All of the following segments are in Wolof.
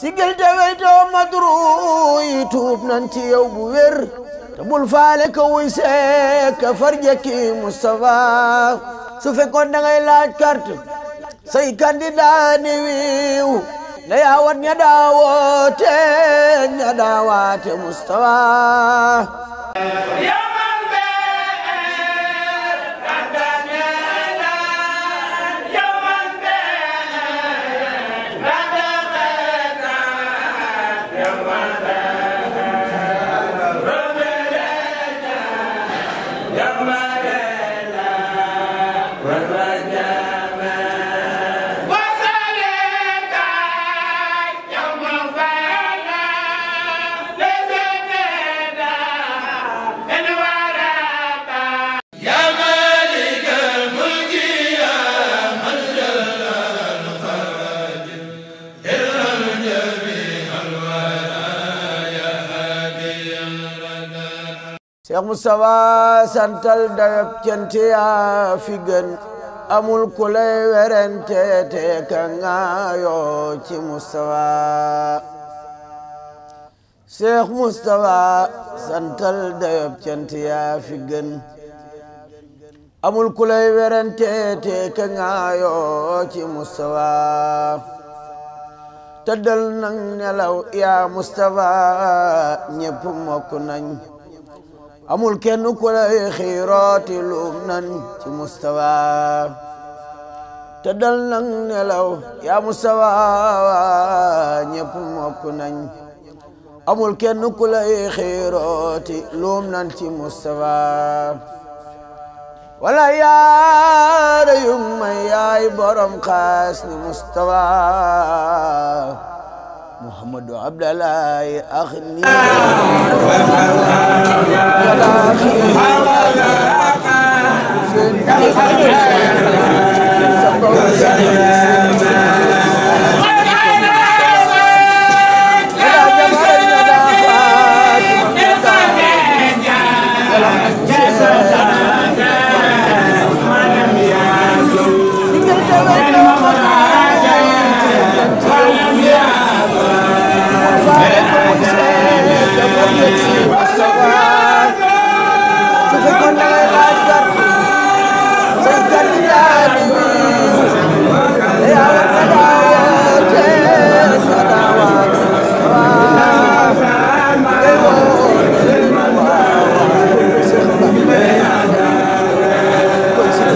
sigil te weytoo madru yi tuub nan ci yow bu wér te bul faale ka wuy seek ka farjekki Moustapha su fekkoon da ngay laaj carte say candidat ni wiiw na yaawat ña daawoote ña Cheikh Moustapha santal dayab cant yaa fi amul ku lay werante te ka ngaayoo ci Moustapha Cheikh Moustapha santal dayab cant yaa fi amul ku lay werante te ka ngaayoo ci Moustapha tadal nang nelaw ya Moustapha ñépp mako nañ amul kenn ku lay xiirooti luum nan ci mustawa te dal nang nelaw yaa mustawa ñépp mokk nañ amul kenn ku lay xiirooti luum nan ci mustawa wala yaara yu may yaay borom xaas ni mustawa محمد عبد الله أخني Thank you.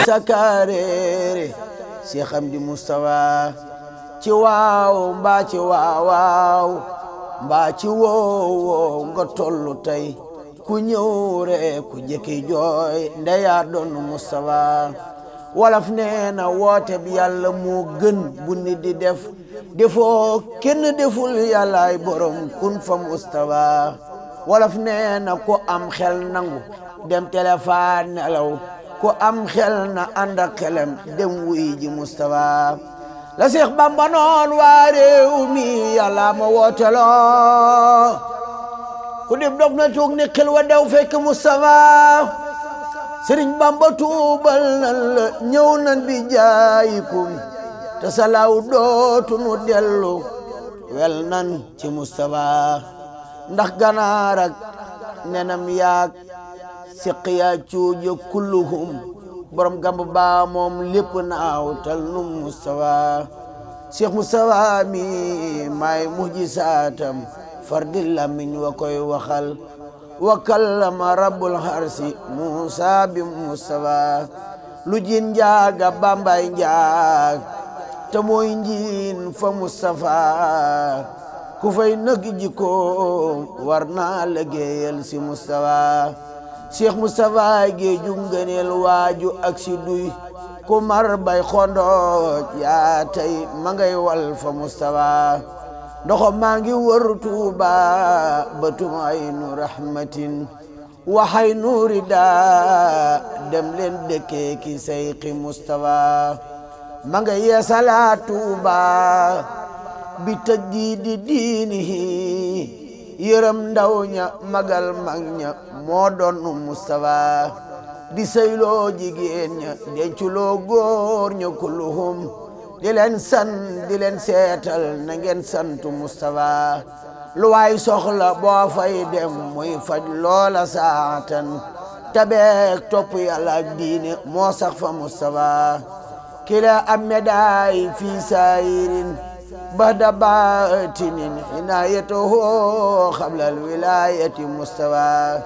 sakareere Cheikh Amdi Moustapha ci waaw mbaa ci waaw mbaa ci woowoo nga tollu tey ku ñëw rek ku jëkki jooy ndeyaa doon Mustafa wolof nee na woote bi yàlla moo gën bu nit di def defoo kenn deful yàllaay borom kun fa Mustafa wolof nee na ku am xel nangu dem téléphone nelaw ku am xel na ànd ak dem wuy ji Mustafa la Seex Bamba noon waa réew mi yàlla ma ku dib dof na tuug ni xil wa dew fekk Mustafa Sëriñ Bamba tuubal nan la ñëw nan bi jaayikum te salaaw dootu nu dellu wel nan ci Mustafa ndax ganaar ak nenam yaag siqiya cuuja kulluhum borom gamb baa moom lépp naaw tal nu Mustafa Cheikh Mustafa mi maay mujjisaatam fardi lamiñ wa koy waxal wa kallama rabbul harsi Musa bi Mustafa lu jin njaaga bambay njaag te mooy njiin fa Mustafa ku nag jikkoom war naa liggéeyal si Mustafa cheikh moustapha gee junganeel waaju ak si duy ku mar bay xondooj yaa tey ma ngay wal ndoxom maa ngi wër tuuba batum aynu rahmatin waxay nuuri daa dem leen dëkkee ki sayqi moustapha ma nga tuuba bi tajdiidi diinihi yërëm ndaw ña magal mag ña moo doon Mustafa di sëyloo jigéen ña denculoo góor ña kulluhum di leen san di leen seetal na ngeen santu Mustafa lu waay soxla boo fay dem muy faj loola saatan tabeek topp yàlla diine moo sax fa Mustafa kila am médaille fii بعد باطن عنايته قبل الولاية مستوى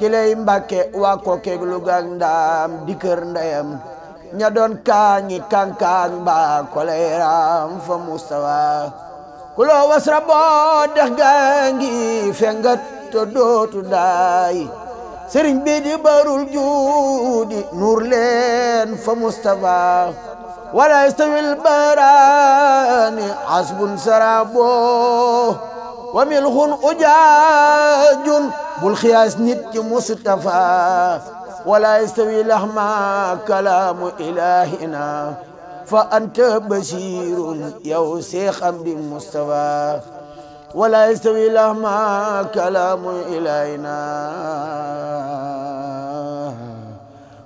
كلي kila واكو كيغلو غاندام ديكر ndayam ña doon kaañi kankaan ba koleeram fa mustawa kuloo wasra boo dex gaa ngi fengat to dootu daay sëriñ bi di barul juudi ولا يستوي البران عصب سرابو وملخ أجاج بالخياس نتي مصطفى ولا يستوي لهما كلام إلهنا فأنت بشير يا شيخ عبد المصطفى ولا يستوي لهما كلام إلهنا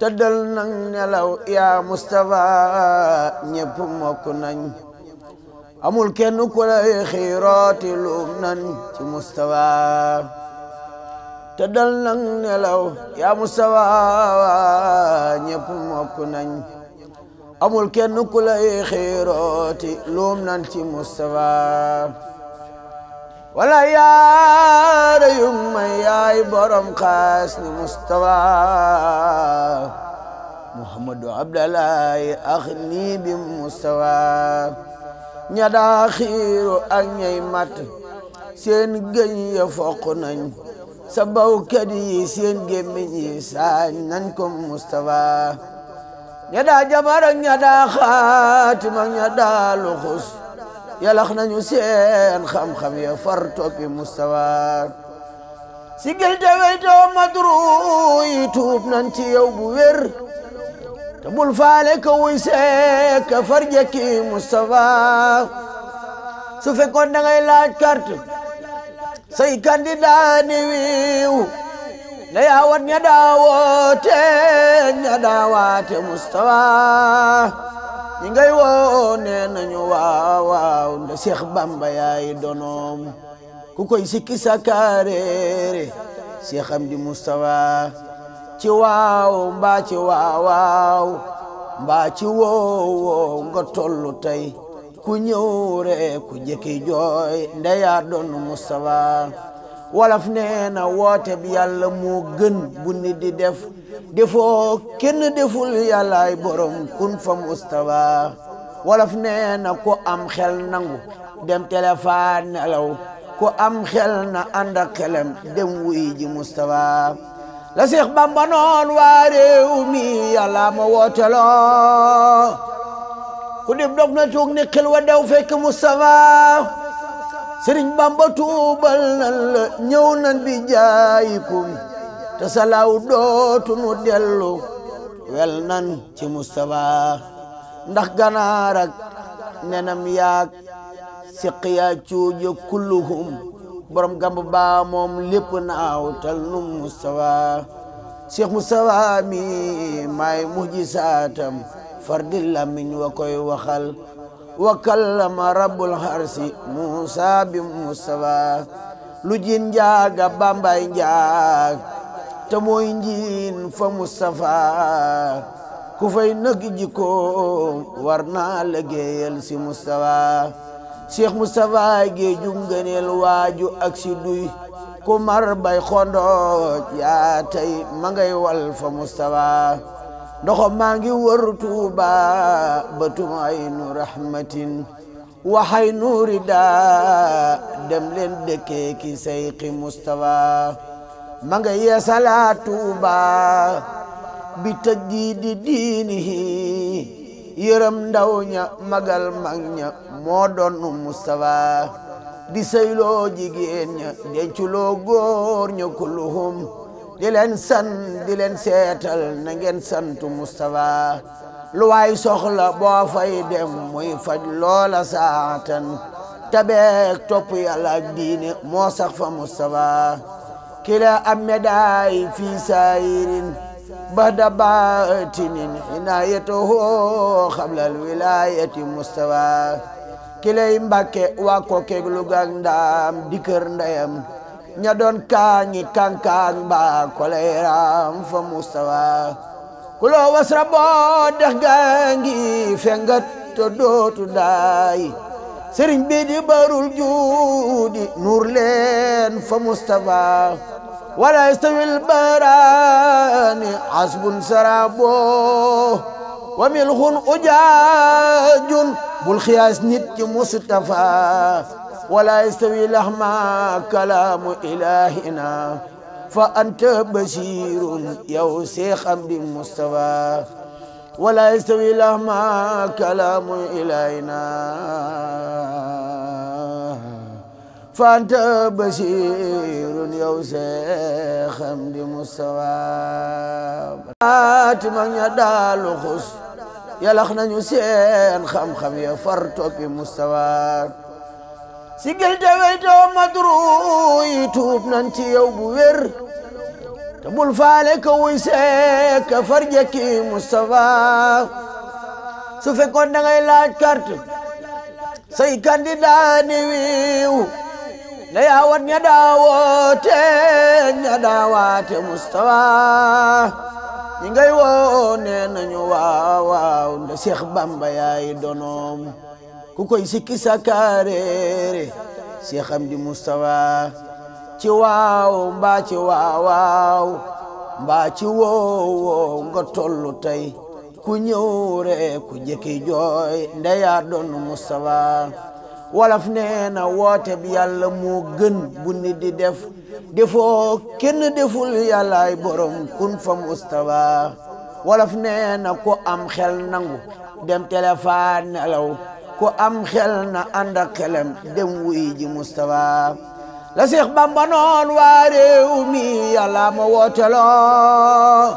tëddal nag nelaw ya mustafa ñepp mokk nañ amul kenn ku lay xiirooti luum nan ci Moustapha tëddal nag nelaw ya mustafa ñepp mokk nañ amul kenn ku lay xiirooti luum nan ci mustafa wala yaar yu may borom ni mustawa muhammadu abdalaay ax bi mustawa ña daa xiiru ak ñay mat seen gëñ ya foq nañ sa bawkat yi seen gémmiñ yi saañ ko mustawa ña daa jabar ak yalax nañu seen xam-xam ya far toppi mustawa sigil te weytoo madru yi tuub nan ci yow bu wér te bul faale ka wuy see ka far jekki mustawa su fekkoon da ngay laaj carte say candidat wiiw ne yaa ña daawoote ña ñi ngay woo nee nañu waaw waaw nda Seex Bamba yaay donoom ku koy sikki sakaareere Seex Amdi Mustafa ci waaw mbaa ci waaw waaw mbaa ci woow woow nga tollu tey ku ñëw rek ku jëkki jooy nda yaa doon Mustafa wolof nee na woote yàlla moo gën bu nit di def defoo kenn deful yàllaay borom kun fa mustawa wolof nee na ku am xel nangu dem téléphone nelaw ku am xel na ànd ak dem wuy ji mustawa la Seex Bamba noon waa réew mi yàlla ma ku dib dof na tuug ni xel wa dew fekk mustawa sëriñ Bamba tuubal nan la ñëw nan bi jaayikum te salaw dootunu delu wel nan ci Mustafa ndax ganaar ak nenam yak siqiya ju kulluhum borom gamba ba mom lepp naaw tal nu Mustafa Cheikh Mustafa mi maay mujjisaatam fardi min wa koy waxal wa kallama rabbul harsi Musa bi Mustafa lu jin bambay te mooy njiin fa Mustafa ku fay nag jikkoom war naa liggéeyal si Mustafa Cheikh Mustafa géeju ngëneel waaju ak si duy ku bay xondooj yaa tey ma wal fa Mustafa ndoxom maa ngi wër Tuuba batum aynu rahmatin waxay nuuri daa dem leen dëkkee ki sayqi ma nga yeesalaat Tuuba bi tëj gii di diinihi yërëm ndaw ña magal mag ña moo doon mustaba di sëyloo jigéen ña denculoo góor ña kulluhum di leen san di leen seetal na ngeen santu Mustafa lu waay soxla boo fay dem muy faj loola saatan tabeek topp yàlla ak diine moo sax fa Mustafa Kila أمداي في سائر بعد باطن عنايته قبل الولاية مستوى كلا مبكى وكوك لغان دام ديكر دام ña doon kaañi kankaan ba koleeram fa mustawa kulo wasra boo dex gaa ngi fengat to dootu daay sëriñ bi di barul juudi fa mustawa ولا يستوي البران عصب سراب وملخ أجاج بالخياس نتي مصطفى ولا يستوي لهما كلام إلهنا فأنت بشير يا شيخ عبد المصطفى ولا يستوي لهما كلام إلهنا fanta basirun yow seexam di mustawa fatima ña daalu xus yalax nañu seen xam-xam ya far toppi mustawa sigil te weytoo madru yi tuub nan ci bu wér te bul faale ka wuy ka far jekki mustawa su fekkoon da ngay laaj carte say candidat wiiw la yawat ña daawoote ña daawaate mustawa ñi ngay woo nee nañu waawaaw nda Seex Bamba yaay donoom ku koy sikki sakaareere Seex Amdi Mustawa ci waaw mbaa ci waawaaw mbaa ci woowoo nga tollu tey ku ñëw ree ku jëkki jooy nda yaa doon Mustawa wolof nee na woote bi yàlla moo gën bu nit di def defoo kenn deful yàllaay borom kun fa mustawa wolof nee na ku am xel nangu dem téléphone nelaw ku am xel na ànd ak dem wuy ji mustawa la Seex Bamba noon waa réew mi wooteloo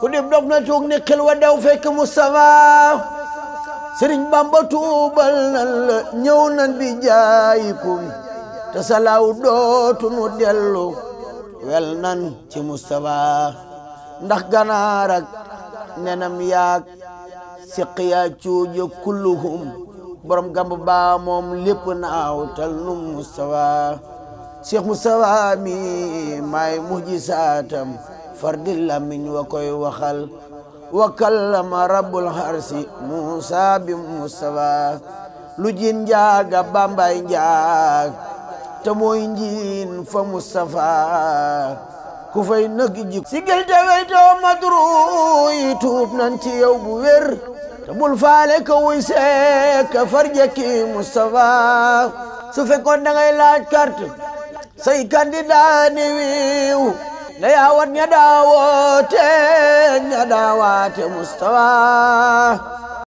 ku dib dof na tuug ni xel wa dew fekk mustawa sëriñ bamba tuubal nan la ñëw nan di jaayikum te salaaw dootu nu dellu wel nan ci Mustafa ndax ganaar ak nenam yaag siqiya cuuja kulluhum borom gamba baa moom lépp naaw tal nu Mustafa Cheikh Mustafa mi maay mujjisaatam fardil lamiñ wa koy waxal wa kallama rabbul harsi musa bi mustafa lu jin njaaga bambay njaag te mooy njiin fa mustafa ku fay nëg ji sigil te weytoo madru yi tuub nan ci yow bu wér bul faale ka wuy seek farjeki mustafa su fekkoon da ngay laaj carte say candidat wiiw na yaawat ña daawoote ña daawaate mustawa